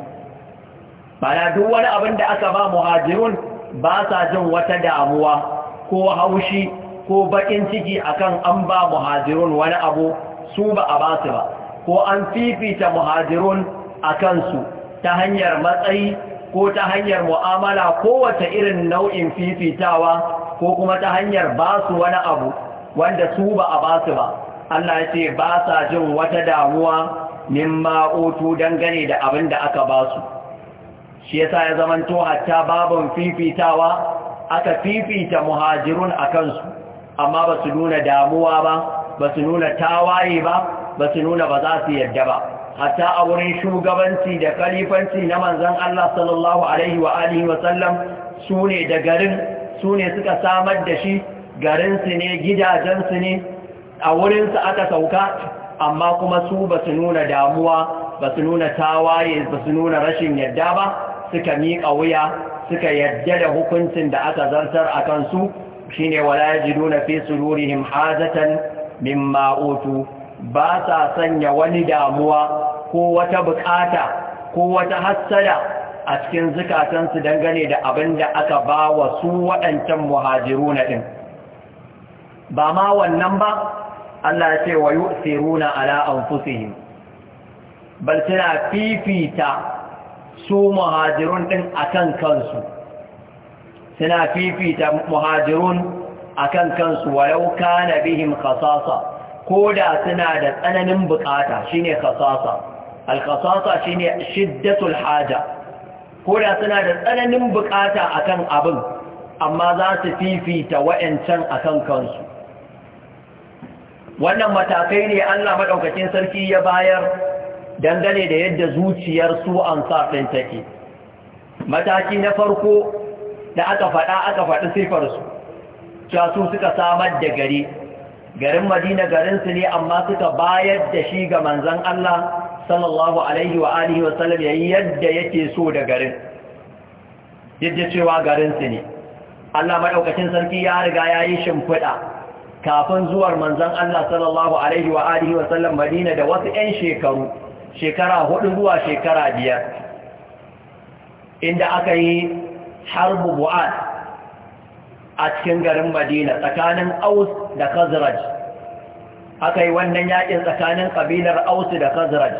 [SPEAKER 1] ba duk wani abin da aka ba muhajirun ba sa jin wata damuwa ko haushi ko baƙin ciki akan an ba muhajirun wani abu su ba a ba su ba ko an fifita muhajirun a kansu ta hanyar matsayi ko ta hanyar mu'amala kowace irin nau'in fifitawa ko kuma ta hanyar ba su wani abu wanda su ba a ba su ba Allah ya ce ba sa jin wata damuwa mimma otu dangane da abin da aka ba su shi yasa ya zamanto hatta babin fifitawa aka fifita muhajirun a kansu amma ba su nuna damuwa ba ba su nuna tawaye ba ba su nuna ba za su yadda ba hatta a wurin shugabanci da kalifanci na manzan Allah sallallahu Alaihi wa alihi wasallam su ne da garin su ne suka samar da shi garinsu ne gidajensu ne a wurinsu aka sauka amma kuma su ba su nuna damuwa ba su nuna tawaye ba su nuna rashin yadda ba suka miƙa wuya suka yadda da hukuncin da aka zartar a kansu shine wala nuna fi sururihim hajatan mimma utu ba sa sanya wani damuwa ko wata bukata ko wata hassada a cikin zukatansu dangane da abin da aka ba wa su waɗancan muhajiru na ɗin ba ma wannan ba Allah ya ce wa yi ala an bal suna fifita su muhajirun ɗin a kansu suna fifita muhajirun akan kansu wa yau ka na bihim kasasa ko da suna da tsananin bukata shine khasasa al-khasasa shine shiddatul haja ko da suna da tsananin bukata akan abin amma za su fifita wayancan akan kansu wannan matakai ne Allah maɗaukacin sarki ya bayar dangane da yadda zuciyar su ansar din take mataki na farko da aka faɗa aka faɗi sifarsu casu suka samar da gare. garin madina garinsu ne amma suka bayar da shi ga manzan Allah sallallahu alaihi wa alihi wa sallam yayi yadda yake so da garin yadda cewa garinsu ne Allah madaukakin sarki ya riga yayi shimfida kafin zuwar manzan Allah sallallahu alaihi wa alihi wa sallam madina da wasu 'yan shekaru shekara hudu zuwa shekara biyar inda aka yi harbu bu'ad a cikin garin madina tsakanin aus da khazraj aka yi wannan yakin tsakanin kabilar aus da khazraj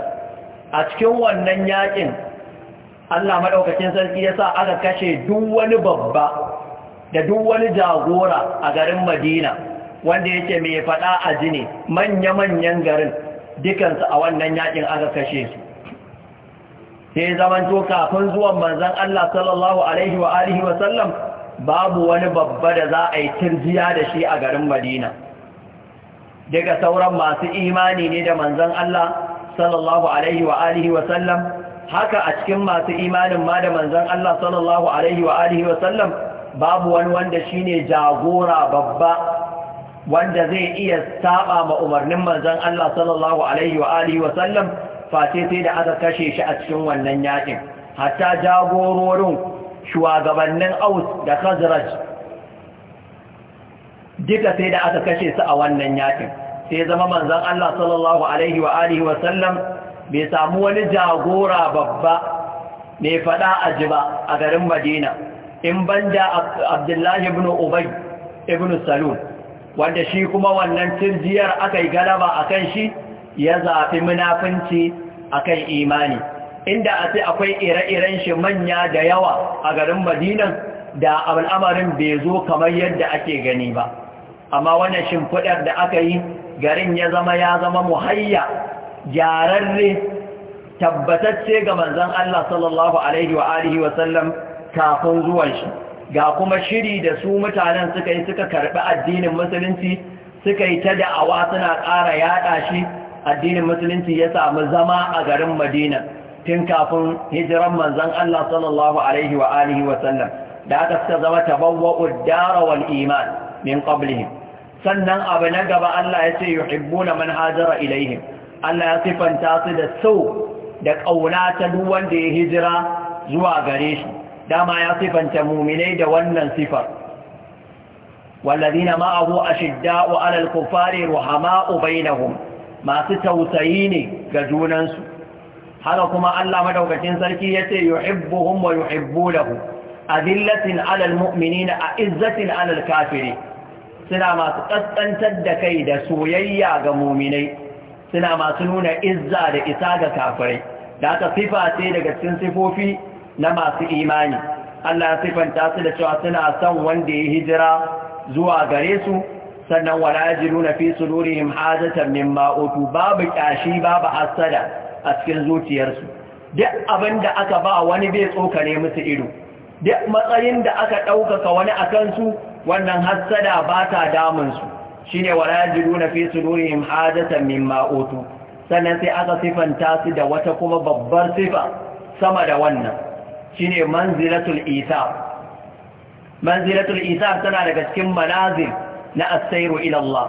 [SPEAKER 1] a cikin wannan yakin allah maɗaukacin sarki ya sa aka kashe duk wani babba da duk wani jagora a garin madina wanda yake mai faɗa a jini manya-manyan garin dukansu a wannan yakin aka kashe su sai zamanto kafin zuwan Manzon, allah sallallahu alaihi wa alihi wasallam babu wani babba da za a yi tirjiya da shi a garin madina daga sauran masu imani ne da manzan Allah sallallahu alaihi wa alihi wa sallam haka a cikin masu imanin ma da manzan Allah sallallahu alaihi wa alihi wa sallam babu wani wanda shi ne jagora babba wanda zai iya saba ma umarnin manzan Allah sallallahu alaihi wa alihi wa sallam face sai da aka kashe shi a cikin wannan yakin hatta jagororin shugabannin aus da khazraj duka sai da aka kashe su a wannan yakin sai zama manzon Allah sallallahu alaihi wa alihi wa sallam bai samu wani jagora babba mai fada jiba a garin Madina in banda Abdullahi ibn Ubay ibn Salul wanda shi kuma wannan tirjiyar aka yi galaba akan shi ya zafi munafinci akan imani inda a sai akwai ire-iren shi manya da yawa a garin madinan da al'amarin bai zo kamar yadda ake gani ba amma wannan shimfiɗar da aka yi garin ya zama ya zama muhayya gyararre tabbatacce ga manzan Allah sallallahu alaihi wa alihi wa sallam kafin zuwan shi ga kuma shiri da su mutanen suka yi suka karɓi addinin musulunci suka yi ta da'awa suna ƙara yaɗa shi addinin musulunci ya samu zama a garin madina tun kafin hijiran manzon Allah sallallahu alaihi wa alihi wa sallam da aka suka zama tabawwa'ud dara iman min qablihim sannan abu na gaba Allah ya ce yuhibbuna man hajara ilaihim Allah ya sifanta su da sau da ƙauna ta duwan wanda ya hijira zuwa gare shi dama ya sifanta muminai da wannan sifar wallazina ma'ahu ashidda'u 'alal kufari ruhama'u bainahum masu tausayi ne ga junansu haka kuma Allah madaukakin sarki yace yuhibbuhum wa yuhibbunahu adillatin alal mu'minina izzatin alal kafiri, suna masu tsantsantar da kai da soyayya ga muminai suna masu nuna izza da isa ga kafirai da ta sifa ce daga cikin sifofi na masu imani Allah ya sifanta su da cewa suna son wanda ya hijira zuwa gare su sannan wala ji nuna fi sururihim hajatan mimma utu babu ƙyashi, babu hasada a cikin zuciyarsu duk abin da aka ba wani bai tsokare musu ido duk matsayin da aka ɗaukaka wani a kansu wannan hassada ba ta damunsu shi ne wala jiru na fi su ruhin hajjata min ma'otu sannan sai aka sifanta su da wata kuma babbar sifa sama da wannan shi ne manzilatul isa manzilatul isa tana daga cikin manazil na asairu ilallah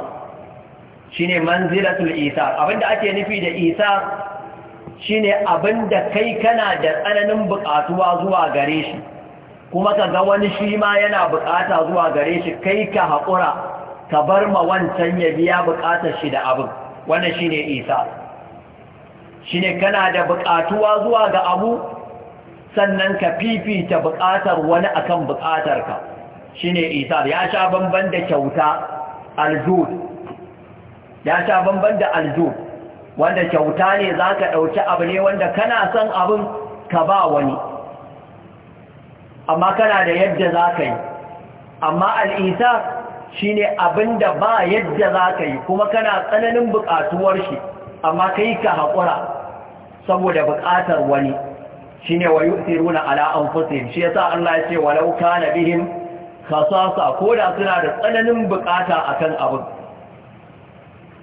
[SPEAKER 1] shi ne manzilatul isa abinda ake nufi da isa shine abin da kai kana da tsananin buƙatuwa zuwa gare shi kuma ka ga wani shi ma yana buƙata zuwa gare shi kai ka haƙura ka bar ma wancan ya biya buƙatar shi da abin wannan shine isa shine kana da buƙatuwa zuwa ga abu sannan ka fifita buƙatar wani akan buƙatarka shine isa ya sha bamban da kyauta aljud wanda kyauta ne za ka ɗauki abu ne wanda kana son abin ka ba wani amma kana da yadda za ka yi amma al'isa shi ne abin da ba yadda za ka yi kuma kana tsananin buƙatuwar shi amma ka yi ka haƙura saboda buƙatar wani shi ne wa yi na ala'an fusim shi ya sa Allah ya ce walauka lauka na bihin kasasa ko da suna da tsananin buƙata a kan abin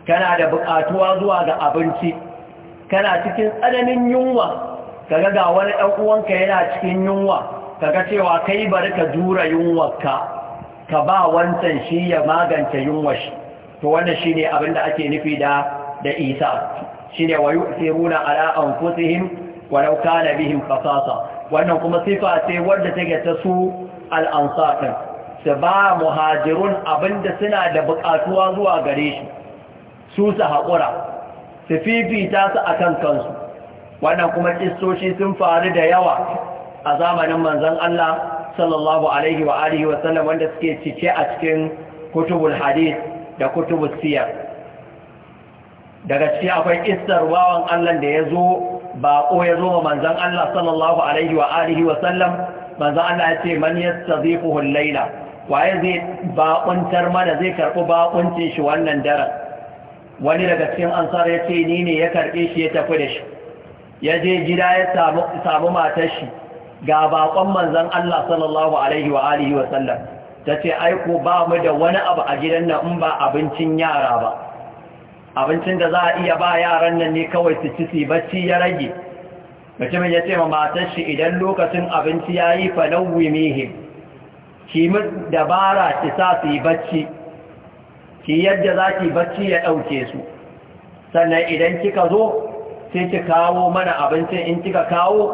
[SPEAKER 1] kana da buƙatuwa zuwa ga abinci kana cikin tsananin yunwa kaga ga wani ɗan uwanka yana cikin yunwa kaga cewa kai bari ka jura yunwarka ka ba wancan shi ya magance yunwar shi to wannan shine abin da ake nufi da da isa shine wa yusiruna ala anfusihim walau kana bihim khasasa wannan kuma sifa ce wadda take ta su al-ansar su ba muhajirun abinda suna da buƙatuwa zuwa gare shi su su haƙura su fifita su a kan kansu wannan kuma ƙistoshi sun faru da yawa a zamanin manzan Allah sallallahu alaihi wa alihi wanda suke cike a cikin kutubul hadith da kutubul siyar daga ciki akwai istar wawan Allah da ya zo baƙo ya zo wa manzan Allah sallallahu alaihi wa alihi manzan Allah ya ce man yastazifuhu al-laila waye zai baƙuntar mana zai karɓi baƙuncin shi wannan daren wani daga cikin ansar ya ce ni ne ya karɓe shi ya tafi da shi ya je gida ya samu matar shi ga baƙon manzan Allah sallallahu alaihi wa alihi wa sallam ta ce aiko ba mu da wani abu a gidan nan in ba abincin yara ba abincin da za a iya ba yaran nan ne kawai su ci su bacci ya rage mutumin ya ce ma matar shi idan lokacin abinci ya yi fa nawwi mihim ki dabara ki sa su yi bacci ki yadda za ki bacci ya ɗauke su sannan idan kika zo sai ki kawo mana abincin in kika kawo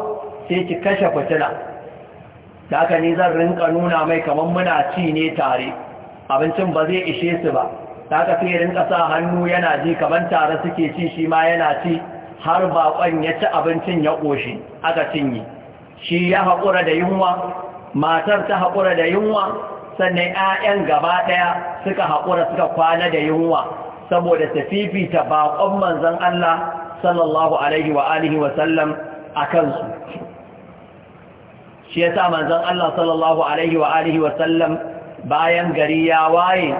[SPEAKER 1] sai ki kashe fitila da haka ni zan rinka nuna mai kamar muna ci ne tare abincin ba zai ishe su ba da haka sai rinka sa hannu yana ji kamar tare suke ci shi ma yana ci har baƙon ya ci abincin ya ƙoshi aka cinye shi ya haƙura da yunwa matar ta haƙura da yunwa sannan 'ya'yan gaba ɗaya suka haƙura suka kwana da yunwa saboda ta fifita baƙon manzan Allah sallallahu alaihi wa alihi a kansu shi ya sa Allah sallallahu alaihi wa alihi bayan gari ya waye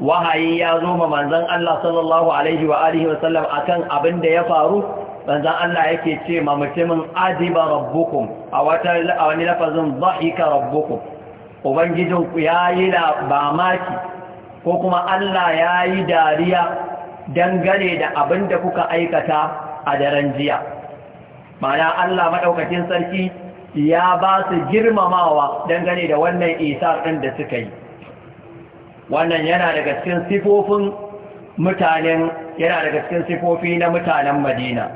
[SPEAKER 1] wahayi ya zo ma Allah sallallahu alaihi wa alihi akan abin da ya faru manzon Allah yake ce ma mutumin adiba rabbukum a wani lafazin dhahika rabbukum ubangijinku ya yi labamaki ko kuma Allah ya yi dariya dangane da abin da kuka aikata a daren jiya mana Allah maɗaukacin sarki ya ba su girmamawa dangane da wannan isa ɗin da suka yi wannan yana daga cikin sifofin mutanen yana daga cikin sifofi na mutanen madina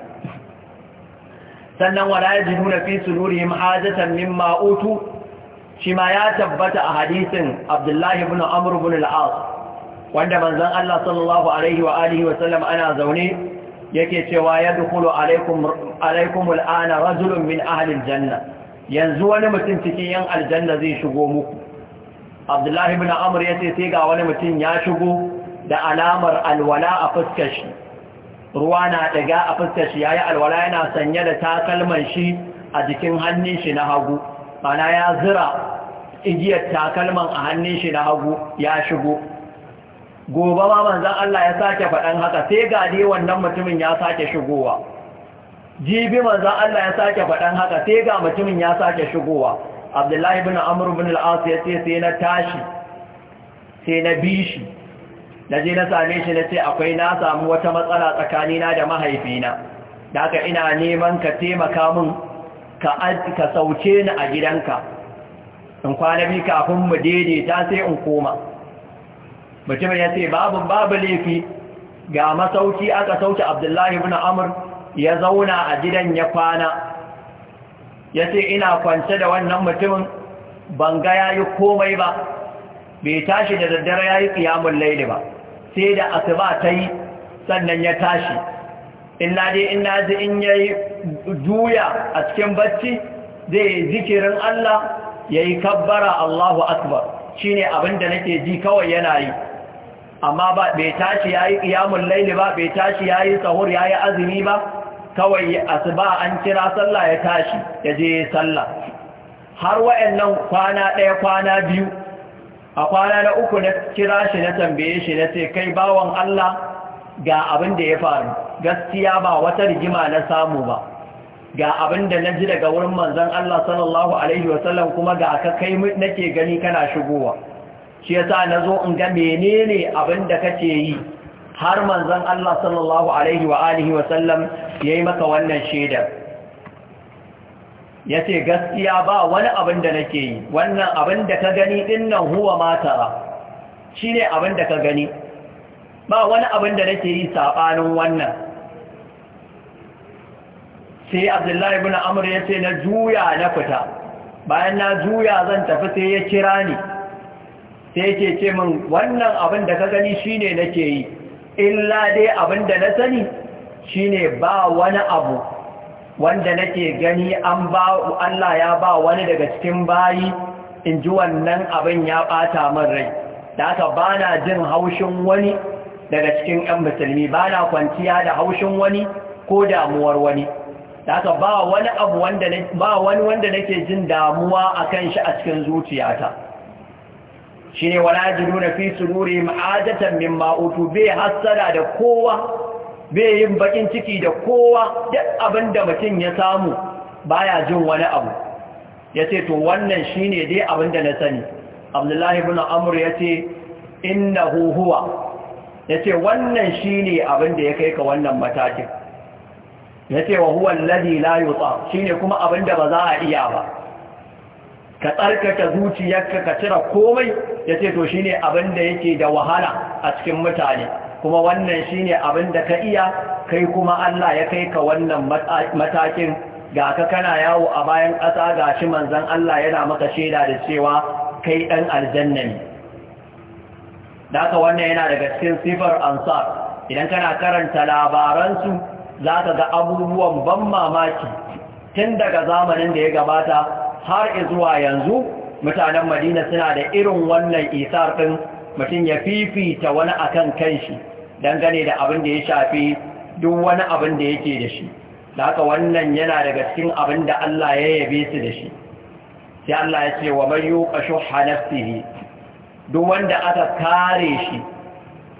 [SPEAKER 1] sannan wala ya ji nuna fi su nuri ma'ajatan min shi ma ya tabbata a hadisin abdullahi ibn Amur, ibn al wanda manzon Allah sallallahu alaihi wa alihi wa sallam ana zaune yake cewa ya alaikum alaikum al'ana rajulun min ahli janna yanzu wani mutum cikin yan aljanna zai shigo muku abdullahi Amur ya ce, sai ga wani mutum ya shigo da alamar alwala a fuskar shi ruwa na daga a fuskar shi yayi alwala yana sanye da takalman shi a jikin hannun shi na hagu mana ya zira igiyar takalman a hannun shi na hagu ya shigo gobe ma manzan Allah ya sake faɗan haka sai ga dai wannan mutumin ya sake shigowa jibi manzan Allah ya sake faɗan haka sai ga mutumin ya sake shigowa abdullahi bin amru bin al'asu ya ce sai na tashi sai na bi shi na je na same shi na ce akwai na samu wata matsala tsakanina da mahaifina da aka ina neman ka taimaka min ka sauce ni a gidanka in kwana bi kafin mu daidaita sai in koma mutumin ya ce babu babu laifi ga masauki aka sauke abdullahi ibn amr ya zauna a gidan ya kwana ya ce ina kwance da wannan mutumin banga ya yi komai ba bai tashi da daddare ya yi ƙiyamun laili ba sai da asuba ta yi sannan ya tashi Inna dai inna ji in ya yi juya a cikin bacci zai yi zikirin Allah ya yi kabbara Allahu Akbar shi ne da nake ji kawai yana yi amma ba bai tashi ya yi ƙiyamun ba bai tashi ya yi sahur ya yi azumi ba kawai asuba an kira sallah ya tashi ya je sallah har wa'annan kwana ɗaya kwana biyu a kwana na uku na kira shi na tambaye shi na ce kai bawan Allah ga abin da ya faru gaskiya ba wata rigima na samu ba ga abin da na ji daga wurin manzon Allah sallallahu alaihi wasallam kuma ga aka kai nake gani kana shigowa shi yasa zo in ga menene abin da kake yi har manzon Allah sallallahu alaihi wa alihi wasallam yayi maka wannan Ya yace gaskiya ba wani abin da nake yi wannan abin da ka gani dinnan huwa matara shine abin da ka gani ba wani abin da nake yi saɓanin wannan sai abdullahi bin amur ya ce na juya na fita bayan na juya zan tafi sai ya kira ni sai yake ce min wannan abin da ka gani shine nake yi illa dai abin da na sani shine ba wani abu wanda nake gani an ba Allah ya ba wani daga cikin bayi in ji wannan abin ya ɓata min rai da aka na jin haushin wani daga cikin 'yan musulmi ba na kwanciya da haushin wani ko damuwar wani daga ba wani abu wanda ba wani wanda nake jin damuwa akan shi a cikin zuciyata shine wala jinuna fi Nuri, ma'adatan mimma utu bai da kowa bai yin bakin ciki da kowa duk abinda mutum ya samu baya jin wani abu yace to wannan shine dai abinda na sani Abdullahi ibn Amr yace innahu huwa ya ce wannan shi ne abin ya kai ka wannan matakin ya ce wa huwan ladi layutsa shi ne kuma abin ba za a iya ba ka tsarkaka zuciyarka ka cira komai ya ce to shi ne abin yake da wahala a cikin mutane kuma wannan shi ne abin ka iya kai kuma Allah ya kai ka wannan matakin ga ka kana yawo a bayan ƙasa ga shi manzan Allah yana maka shaida da cewa kai ɗan aljannani da aka wannan yana daga cikin sifar ansar idan kana karanta labaransu za ka ga abubuwan ban mamaki tun daga zamanin da ya gabata har zuwa yanzu mutanen madina suna da irin wannan isar ɗin mutum ya fifita wani akan kanshi dangane da abin da ya shafi duk wani abin da yake da shi da aka wannan yana daga cikin abin da Allah ya yabe su da shi sai Allah ya ce wa mayu yuqa shuhha duk wanda aka kare shi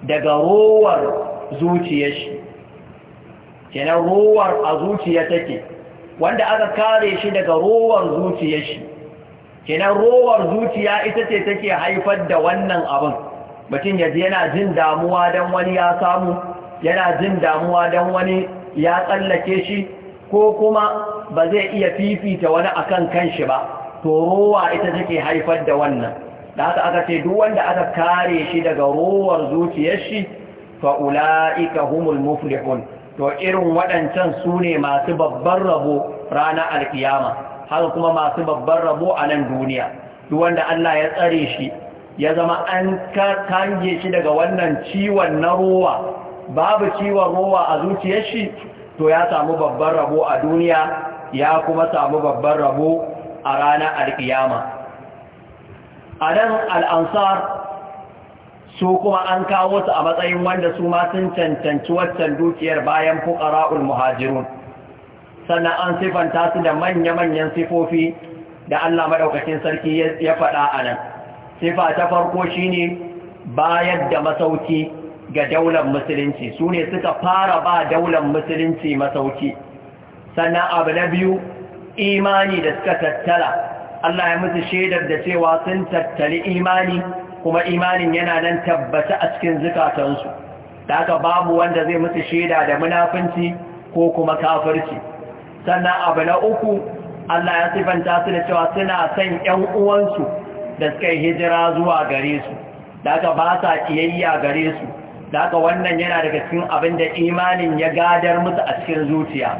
[SPEAKER 1] daga rowar zuciyar shi kenan rowar a zuciya take wanda aka kare shi daga rowar zuciyar shi kenan rowar zuciya ita ce take haifar da wannan abin mutum yaji yana jin damuwa don wani ya samu yana jin damuwa don wani ya tsallake shi ko kuma ba zai iya fifita wani akan kanshi ba to rowa ita take haifar da wannan da haka aka ce duk wanda aka kare shi daga rowar zuciyar shi fa ula'ika humul muflihun to irin waɗancan su ne masu babban rabo ranar alkiyama haka kuma masu babban rabo a nan duniya duk wanda Allah ya tsare shi ya zama an kange shi daga wannan ciwon na rowa babu ciwon rowa a zuciyar shi to ya samu babban rabo a duniya ya kuma samu babban rabo a ranar alkiyama a nan al'ansar su kuma an kawo su a matsayin wanda su ma sun cancanci waccan dukiyar bayan fukara'ul muhajirun sannan an sifanta su da manya-manyan sifofi da Allah maɗaukacin sarki ya faɗa a nan sifa ta farko shi ne bayar da masauki ga daular musulunci su ne suka fara ba daular musulunci masauki sannan abu na biyu imani da suka tattala Allah ya musu shaidar da cewa sun tattali imani kuma imanin yana nan tabbata a cikin zukatansu da haka babu wanda zai musu shaida da munafunci ko kuma kafirci sannan abu na uku Allah ya sifanta su da cewa suna son 'yan uwansu da suka yi hijira zuwa gare su da haka ba sa kiyayya gare su da haka wannan yana daga cikin abin da imanin ya gadar musu a cikin zuciya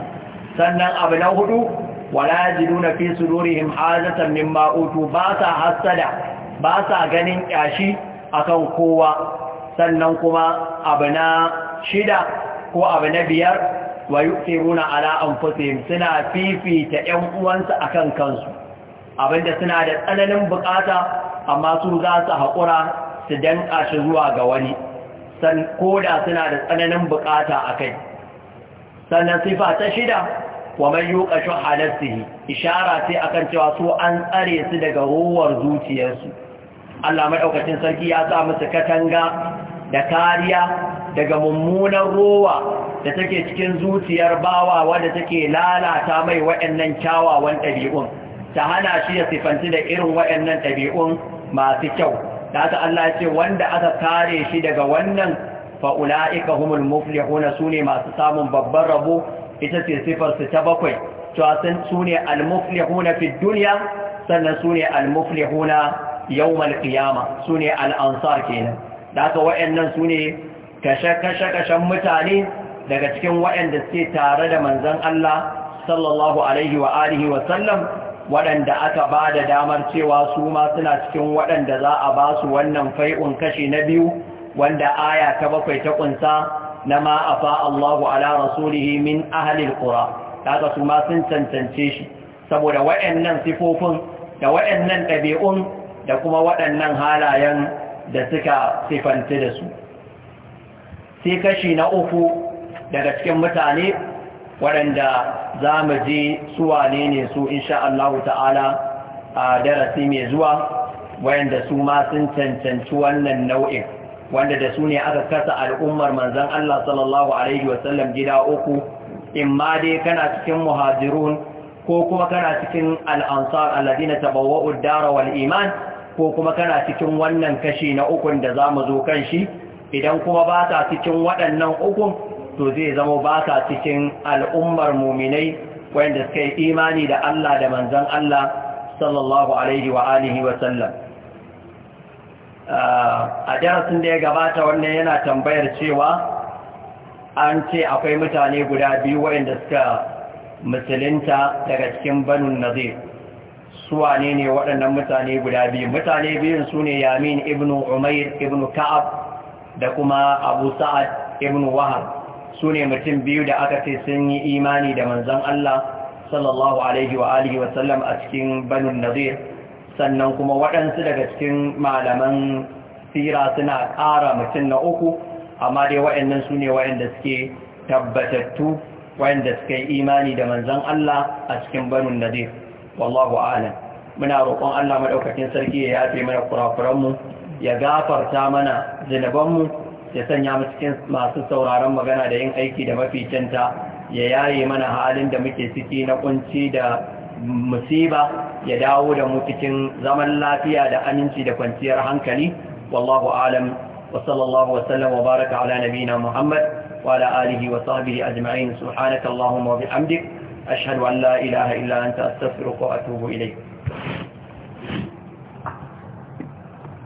[SPEAKER 1] sannan abu na hudu wala jiduna fi sudurihim hajatan mimma utu ba sa hasada ba sa ganin kyashi akan kowa sannan kuma abu shida ko abu na biyar wa yuqiruna ala anfusihim suna fifita yan uwansu akan kansu abinda suna da tsananin bukata amma su za su haƙura su danka shi zuwa ga wani san koda suna da tsananin bukata akai sannan sifa ta shida wa man yuqa shuha nafsihi ishara ce akan cewa su an tsare su daga ruwar zuciyarsu Allah maɗaukacin sarki ya sa musu katanga da kariya daga mummunan rowa da take cikin zuciyar bawa wanda take lalata mai waɗannan kyawawan ɗabi'un ta hana shi ya sifanci da irin waɗannan ɗabi'un masu kyau da ta Allah ce wanda aka kare shi daga wannan fa'ula'ika humul muflihuna su ne masu samun babban rabo ita ce sifarsu ta bakwai cewa su ne almuflihuna fi duniya sannan su ne almuflihuna yawmal qiyama su ne al'ansar kenan da aka wayannan su ne kashe-kashen mutane daga cikin wayanda suke tare da manzon Allah sallallahu alaihi wa alihi waɗanda aka ba da damar cewa su ma suna cikin waɗanda za a ba su wannan fai'un kashe na biyu wanda aya ta bakwai ta ƙunsa. na ma afa Allahu ala rasulihi min ahlil ƙura kaga su ma sun cancance shi saboda waɗannan sifofin da waɗannan ɗabi'un da kuma waɗannan halayen da suka sifanci da su sai kashi na uku daga cikin mutane waɗanda za mu ji suwa ne ne su insha Allah ta'ala a darasi mai zuwa wayanda su ma sun cancanci wannan nau'in wanda da su ne aka kasa al'ummar manzan Allah sallallahu Alaihi wasallam gida uku, in ma dai kana cikin muhajirun ko kuma kana cikin al'ansar alladina taɓa uddara wal iman ko kuma kana cikin wannan kashi na ukun da za mu zo kan shi, idan kuma ba ka cikin waɗannan ukun to zai zama ba ka cikin al'ummar muminai wanda suka yi imani da Allah da manzan Allah sallallahu Alaihi wa wasallam. a darasin da ya gabata wannan yana tambayar cewa an ce akwai mutane guda biyu wayanda suka musulunta daga cikin banun nazir su ne ne waɗannan mutane guda biyu mutane biyun su ne yamin ibn umair ibn ka'ab da kuma abu sa'ad ibn wahab su ne mutum biyu da aka ce sun yi imani da manzon Allah sallallahu alaihi wa alihi a cikin banun nazir sannan kuma waɗansu daga cikin malaman tsira suna ƙara mutum na uku amma dai waɗannan su ne waɗanda suke tabbatattu waɗanda suka yi imani da manzan Allah a cikin banin nadir wallahu a'lam muna roƙon Allah maɗaukacin sarki ya yafe mana kurakuranmu ya gafarta mana zinubanmu ya sanya mu cikin masu sauraron magana da yin aiki da mafi canta ya yaye mana halin da muke ciki na kunci da musiba ya dawo da mu cikin zaman lafiya da aminci da kwanciyar hankali wallahu alam wa sallallahu wa sallam wa baraka ala nabina muhammad wa ala alihi wa sahbihi ajma'in subhanaka allahumma wa bihamdik ashhadu an la ilaha illa anta astaghfiruka wa atubu ilayk